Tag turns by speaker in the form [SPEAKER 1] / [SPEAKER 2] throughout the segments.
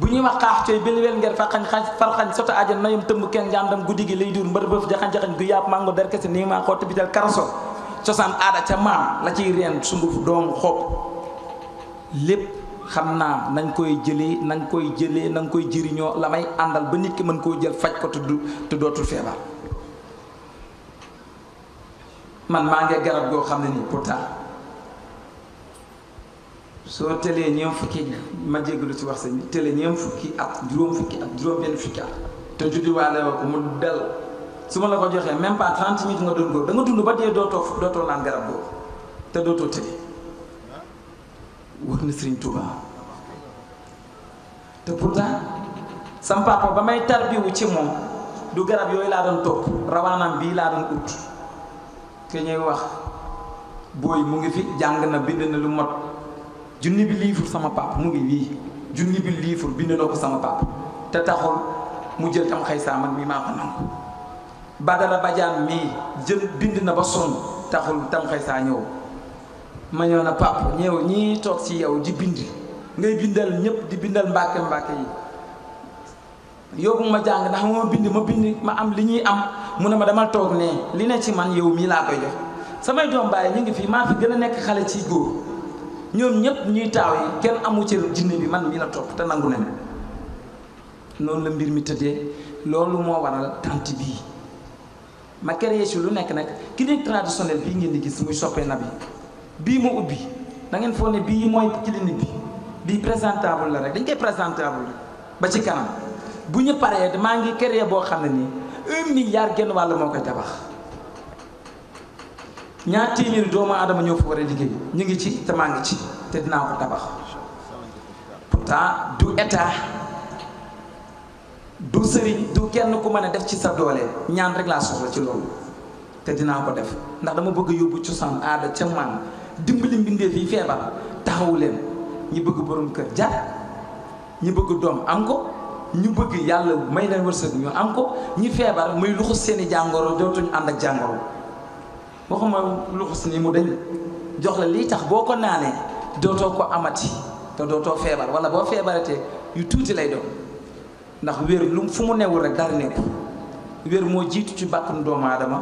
[SPEAKER 1] bu ñuy wax xaax coy benn wel ngeer farxañ xañ farxañ soto ajan mayum tëmb kenn jàndam guddi gi lay duur mbër bëf jaxañ-jaxañ gu yàpp mango derkesi nii maa xooti bitel karaso cosaan aada ca maam la ciy reen sunguf doom xob lépp xam naa nañ koy jële nañ koy jëlee nañ koy jiriñoo la may àndal ba nit ki mën koo jël faj ko te dootul feebar man maa ngi garab goo xam ne nii pourtant soo tëlee ñeent fukki ma jégalu si wax sëñ bi tëlee ñeent fukki at juróom fukki ak juróom-benn fukki at te judduwaale woo ko mu del su ma la ko joxee même pas 30 minutes nga doon góor da dund ba dee dootoo dootoo naan garab boobu te dootoo tëlee wër na Sëriñ Tuuba te pourtant sam papa ba may tarbiwu ci moom du garab yooyu laa doon topp rawaanam bii laa doon ut ke ñuy wax booy mu ngi fi jàng na bind na lu mot. junni bi liifur sama pap mu ngi wii junni bi liifur bindandoo ko sama pap te taxul mu jël tam xay saa man mi maa ko nangu badara bajaan mii jël bind na ba sonn taxul tam saa ñëw ma ñëw na pap ñëw ñii toog ci yow di bind ngay bindal ñëpp di bindal mbàkke mbàkke yi yóbbu ma jàng ndax ma bind ma bind ma am li ñuy am mu ne ma dama toog ne li ne ci man yow mii laa koy jox samay doom bàyyi ñu ngi fii maa fi gën a nekk xale ci góor ñoom ñëpp ñuy taaw yi kenn amu ci jinne bi man mii la topp te nangu nañu noonu la mbir mi tëddee loolu moo waral tant bii ma créé si lu nekk nag ki nekk bii ngeen di gis muy soppee na bi bii moo ubbi da ngeen foog ne bii mooy clinique bi bii présentable la rek dañ koy présentable ba ci kanam bu ñu paree maa ngi créé boo xam ne nii un milliard genn wàll moo koy tabax. ñaar téeméeri doomu aadama ñoo fa war a liggéey ñu ngi ci te ngi ci te dinaa ko tabax pourtant du état du sëriñ du genn ku mën a def ci sa doole ñaan rek laa soxla ci loolu te dinaa ko def ndax dama bëgg yóbbu cosaan aada ca man dimbali mbindeef yi feebar taxawu leen ñi bëgg borom kër jar ñi bëgg doom am ko ñu bëgg yàlla may leen wërsëg ñu am ko ñi feebar muy luxu seeni jàngoro dootuñu ànd ak jàngoro waxuma luxus ni mu dañ jox la lii tax boo ko naanee dootoo ko amati te dootoo feebar wala boo feebaratee yu tuuti lay doon ndax wér lu fu mu newul rek dara nekk wér moo jiitu ci bàkk nu doom aadama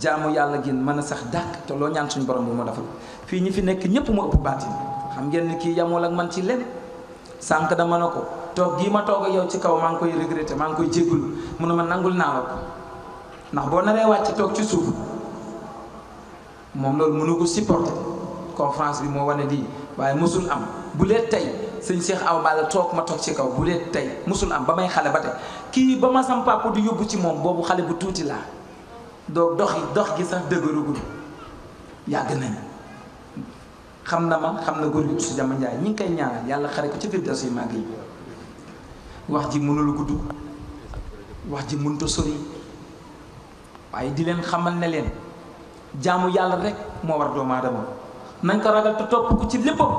[SPEAKER 1] jaamu yàlla gin mën a sax dàkk te loo ñaan suñu borom bu ma defal fii ñi fi nekk ñépp mu ëpp baatin xam ngeen ni kii yamul ak man ci lenn sànq dama ne ko toog gii ma toog yow ci kaw maa ngi koy regretté maa ngi koy jéggul mu a ma nangul naa la ko ndax boo naree wàcc toog ci suuf moom loolu mënu ko supporter conférence bi moo wane di waaye mosul am bu leet tey sëñ Cheikh Awa Balla toog ma toog ci kaw bu leet tey mosul am ba may xale ba tey kii ba ma sam papa di yóbbu ci moom boobu xale bu tuuti laa doo dox dox gi sax dëgërugul yàgg nañu xam na ma xam na góor gi su jama njaay ñi ngi koy ñaanal yàlla xare ko ci biir dasuy màgg yi wax ji mënul gudd wax ji mënut a sori waaye di leen xamal ne leen jaamu yàlla rek moo war doomu aadama nañ ko ragal te topp ko ci léppam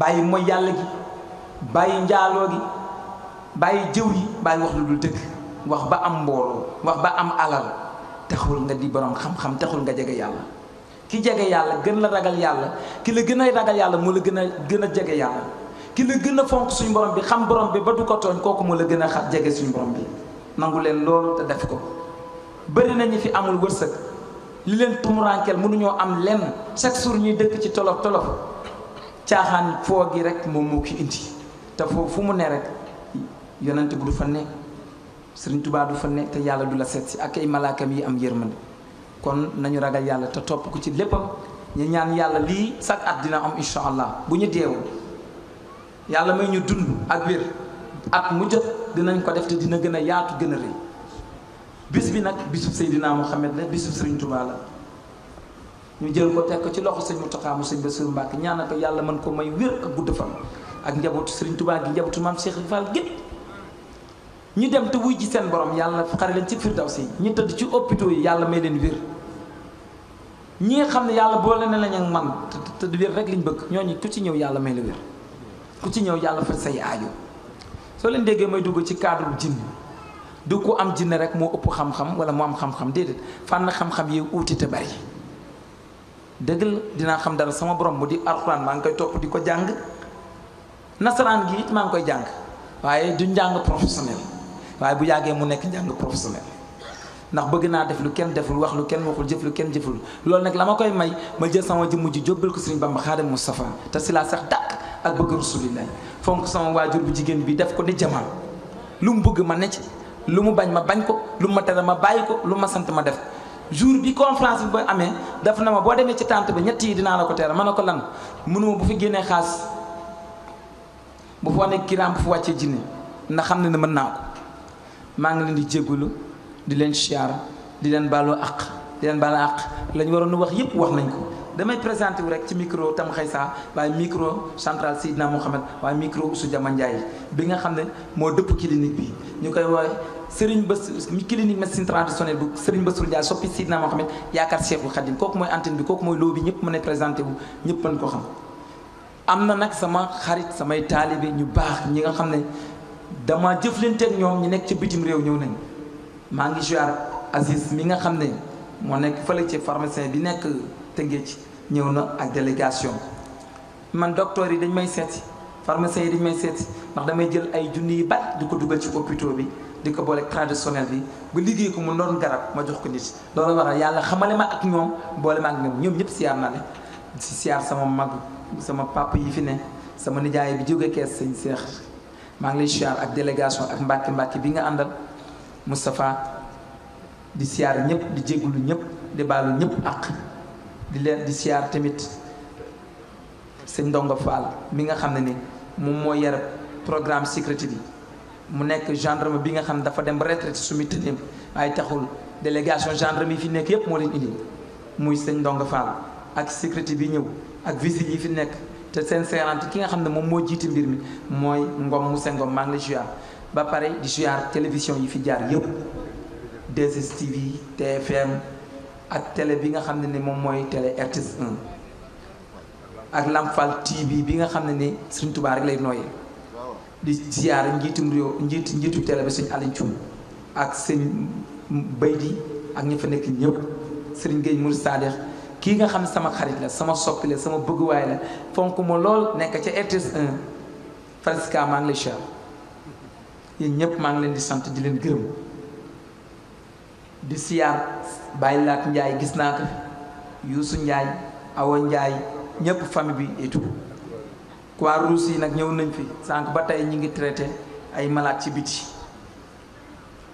[SPEAKER 1] bàyyi moo yàlla gi bàyyi njaaloo gi bàyyi jëw yi bàyyi wax lu dul dëgg wax ba am mbooloo wax ba am alal taxul nga di borom xam-xam taxul nga jege yàlla ki jege yàlla gën la ragal yàlla ki la gën a ragal yàlla moo la gën a gën a jege yàlla ki la gën a fonk suñu borom bi xam borom bi ba du ko tooñ kooku moo la gën a xat jege suñu borom bi nangu leen loolu def ko bëri nañu fi amul wërsëg li leen tumuraankeel mënuñoo am lenn chaque jour ñuy dëkk ci tolof tolof caaxaan foo gi rek moom moo ki indi te foofu fu mu ne rek yonent bu du fa nekk Sëriñ tubaab du fa nekk te yàlla du la seet si ak ay malaakam yi am yërmande kon nañu ragal yàlla te topp ko ci léppam ñu ñaan yàlla lii chaque at dina am incha allah bu ñu deewoo yàlla may ñu dund ak wér at mu jot dinañ ko def te dina gën a yaatu gën a rëy bis bi nag bisub Seydina Muhammad la bisub Sëriñ Tuubaa la ñu jël ko teg ko ci loxo sëñ Mountakha mu sëñ Bassirou Mbacké ñaanal ko yàlla mën ko may wér ak gudd fan ak njabootu Sëriñ Tuubaa gi njabootu maam Cheikh Fall gépp ñu dem te ji seen borom yàlla xare leen ci firdawsi ñu tëdd ci hôpitaux yi yàlla may leen wér ñi nga xam ne yàlla boole na lañ ak man te du rek liñ bëgg ñooñu ku ci ñëw yàlla may la wér ku ci ñëw yàlla faj say aajo soo leen déggee may dugg ci cadre bu jinn du ko am jinne rek moo ëpp xam-xam wala mu am xam-xam déedéet fànn xam-xam yi uuti te bari dëgg dinaa xam dara sama borom mu di alxuraan maa ngi koy topp di ko jàng nasaraan gi it maa ngi koy jàng waaye du njàng professionnel waaye bu yàggee mu nekk njàng professionnel ndax bëgg naa def lu kenn deful wax lu kenn waxul jëf lu kenn jëful loolu nag la ma koy may ma jël sama jëmm ji jóbbal ko si Sëriñ Bamba Xaadim Mustafa te si laa sax dàq ak bëgg rasulillahi fonk sama waajur bu jigéen bi def ko ni jamaal lu bëgg ma ne ci lu mu bañ ma bañ ko lu mu ma tere ma bàyyi ko lu ma sant ma def jour bi conférence bi ba amee def na ma boo demee ci tànt bi ñett yi dinaa la ko teera ma ne ko lan mënuma bu fi génnee xaas bu fa wane kiraam bu fi wàccee jinne ndax xam ne ne mën naa ko maa ngi leen di jégalu di leen siyaara di leen baalu àq di leen baalu àq lañu nu wax yépp wax nañ ko damay présenté wu rek ci micro Tam saa waaye micro central moo Mohamed waaye micro Ousou Diama Ndiaye bi nga xam ne moo dëpp clinique bi ñu koy woowee Serigne Bass clinique médecine traditionnelle bu Serigne Bassirou Ndiaye soppi Seydina Mohamed yaakaar Cheikhul Khadim kooku mooy antenne bi kooku mooy loo bi ñëpp mën a présenté wu ñëpp mën ko xam am na nag sama xarit samay taalibe ñu baax ñi nga xam ne dama jëflanteeg ñoom ñu nekk ci bitim réew ñëw nañ maa ngi joué Aziz mi nga xam ne moo nekk fële ci pharmacien bi nekk. ci ñëw na ak délégation man docteur yi dañ may seeti pharmacien yi dañ may seeti ndax damay jël ay junni yi bari di ko dugal ci hôpital bi di ko boole traditionnel bi ba liggéey ko mu doon garab ma jox ko nit loolu wax yàlla xamale ma ak ñoom boole ma ak ñoom ñoom ñëpp siyaar na leen si siyaar sama mag sama papa yi fi ne sama nijaay bi jóge kees sëñ seex maa ngi lay siyaar ak délégation ak mbàkki mbàkki bi nga àndal Moustapha di siyaar ñëpp di jéggulu ñëpp di ñëpp ak di leen di siyaar tamit sëñ Ndongo Fall mi nga xam ne ni moom moo yar programme sécurité bi mu nekk gendarme bi nga xam ne dafa dem ba retraité sumi tëneem ay taxul délégation gendarme yi fi nekk yépp moo leen indi muy sëñ Ndongo Fall ak sécurité bi ñëw ak visite yi fi nekk te seen séerante ki nga xam ne moom moo jiite mbir mi mooy Ngom Moussa Ngom maa ngi lay ba pare di siyaar télévision yi fi jaar yëpp 2STV TFM ak télé bi nga xam ne ni moom mooy télé RTS 1 ak lampal TV bi nga xam ne ni suñ Touba rek lay nooyee di ziar njiitum réew njiit njiitu télé bi Serigne Aliou Thioum ak Serigne Baydi ak ñi fa nekk ñëpp Serigne Gueye Mouride Sadikh kii nga xam ne sama xarit la sama soppi la sama bëgguwaay la fonk ma lool nekk ca RTS 1 Francisca maa ñëpp maa ngi leen di sant di leen gërëm. di siyaar bàyyi laat njaay gis naa ko yuusu njaay awa njaay ñépp famille bi et tout quoi ruus yi nag ñëw nañ fi sànq ba tey ñi ngi traité ay malaat ci biti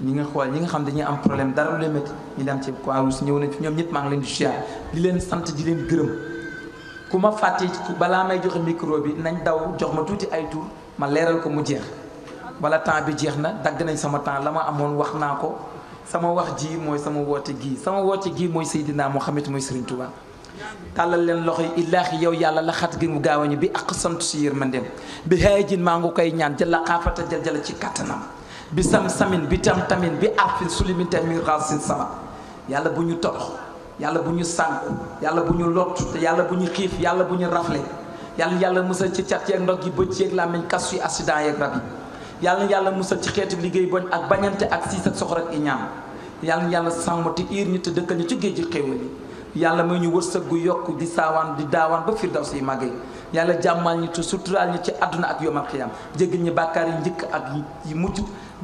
[SPEAKER 1] ñu nga xool ñi nga xam dañuy am problème dara lu leen métti ñu dem ci quoi ruus ñëw nañ fi ñoom ñëpp maa ngi leen di siyaar di leen sant di leen gërëm ku ma fàtte balaa may joxe micro bi nañ daw jox ma tuuti ay tour ma leeral ko mu jeex wala temps bi jeex na dagg nañ sama temps la ma amoon wax naa ko sama wax jii mooy sama woote gii sama woote gii mooy Seydina Mohamed mooy Serigne Touba tàllal leen loxo yi illaahi yow yàlla la xat gi mu gaaw ñu bi ak sant si yërmandeem bi haajin maa ngi koy ñaan jël la xaafata jël jël ci kàttanam bi sam samin bi tam tamin bi affin sulimin tamit si sama yàlla bu ñu torox yàlla bu ñu sànku yàlla bu ñu lott te yàlla bu ñu xiif yàlla bu ñu rafle yàlla yàlla musal ci cat yeeg ndox yi bëj yeeg làmmiñ kas yu accident yeeg rab yàlla na yàlla musal ci xeetu liggéey boñ ak bañante ak siis ak soxor ak iñaan yàlla yàlla sàmm te iir ñu te dëkkal ñu ci géej gi xéewal yi yàlla may ñu wërsëg gu yokk di saawaan di daawaan ba firdaws yi màggee yàlla jàmmal ñu te suturaal ñu ci àdduna ak yomal xiyaam jéggal ñu bàkkaar yi njëkk ak yi mujj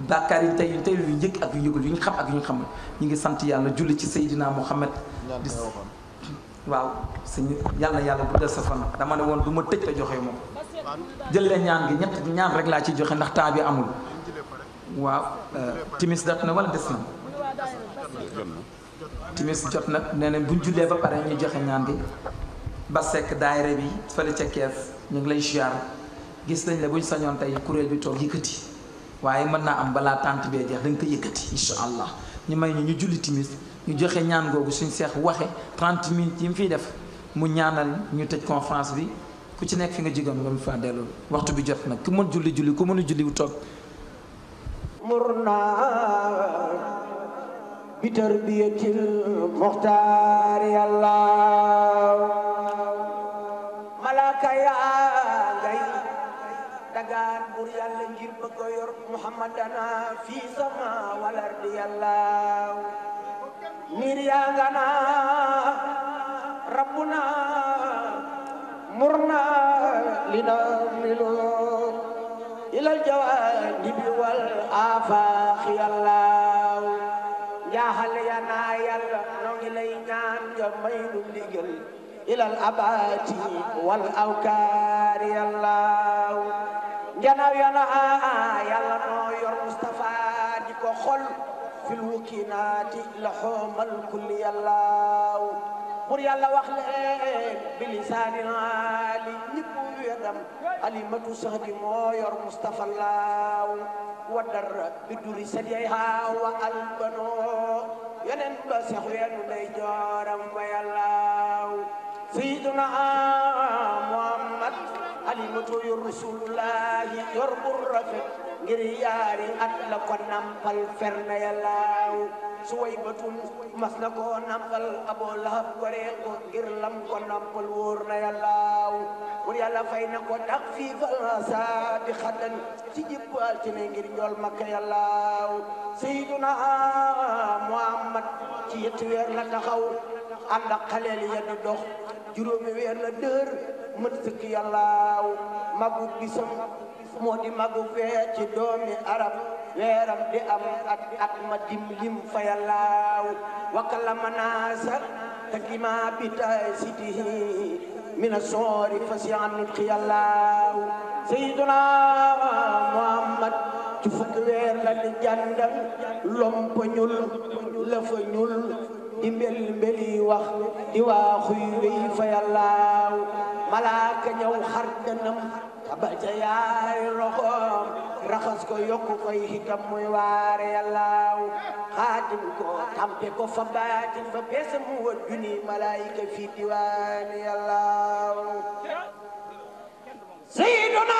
[SPEAKER 1] bàkkaar yi tey tey yu njëkk ak yu yëgul yi ñu xam ak yi ñu xamul ñu ngi sant yàlla julli ci Seydina Muhammad di waaw sëñ yàlla yàlla bu dal sa fan dama ne woon du ma tëj te joxe moom jël leen ñaan gi ñett ñaan rek laa ci joxe ndax temps bi amul waaw euh, timis jot na wala des
[SPEAKER 2] na
[SPEAKER 1] timis jot na nee nañ buñ jullee ba pare ñu joxe ñaan gi ba sekk daayira bi fële ca kees ñu ngi lay ziar gis nañ la buñ sañoon tey kuréel bi toog yëkkati waaye mën naa am balaa tànt bee jeex dañ ko yëkkati incha allah ñu may ñu julli timis ñu joxe ñaan googu suñ seex waxe 30 minutes yi mu fiy def mu ñaanal ñu tëj conférence bi ku ci nekk fi nga jigoon nga mu faa waxtu bi jot na ku mën julli julli ku mënu julli bu toog
[SPEAKER 2] murna bi tarbiyatil muxtaar yàlla malaaka yaa ngay dagaan bur ngir bëgg a yor muhammadana fii sama walar di yàlla niir yaa nga maylu ligël ilal abati wal awkaar yallaaw njanaaw yana aa yàlla noo yor Mustafa di ko xol fil wukinaati la xoomal kulli yallaaw pour yàlla wax leen bi lisaanin aali ñëpp wedam alimatu sax di moo yor Mustafa laaw wa dara bi duri sadiyha wa albanoo yonen ba sax weenu day jooram wa yàllaaw sayyiduna muhammad alimatu yu rasulullahi yor bu rafet ngir yaari at la ko nampal fer na yàllaaw suwaybatun mas na ko nampal Abu Lahab goree ko ngir lam ko nampal wóor na yàllaaw wur yàlla fay na ko tax fii falasa bi xatan ci jëpp altine ngir njool makka yàllaaw sayyiduna Muhammad ci yetti weer la taxaw ànd ak xaleel di dox juróomi weer la dër mën sëkk yàllaaw magu bisam moo di magu fee ci doomi arab weeram di am at at ma dim lim fa yallaaw wakalama naasa takima bita sidihi mina soori fasi annut ki yallaaw sayyiduna muhammad ci fukki weer la di jàndal lompoñul lëfañul di mbel mbeli wax di waaxuy wéy fa yallaaw malaaka ñëw xar kanam tabaja yaay roxoom raxas ko yokku koy hitam muy waare yàllaaw xaatim ko tampe ko fa baatin fa pesa mu won junni malaayika fi diwaani yàllaaw sayyiduna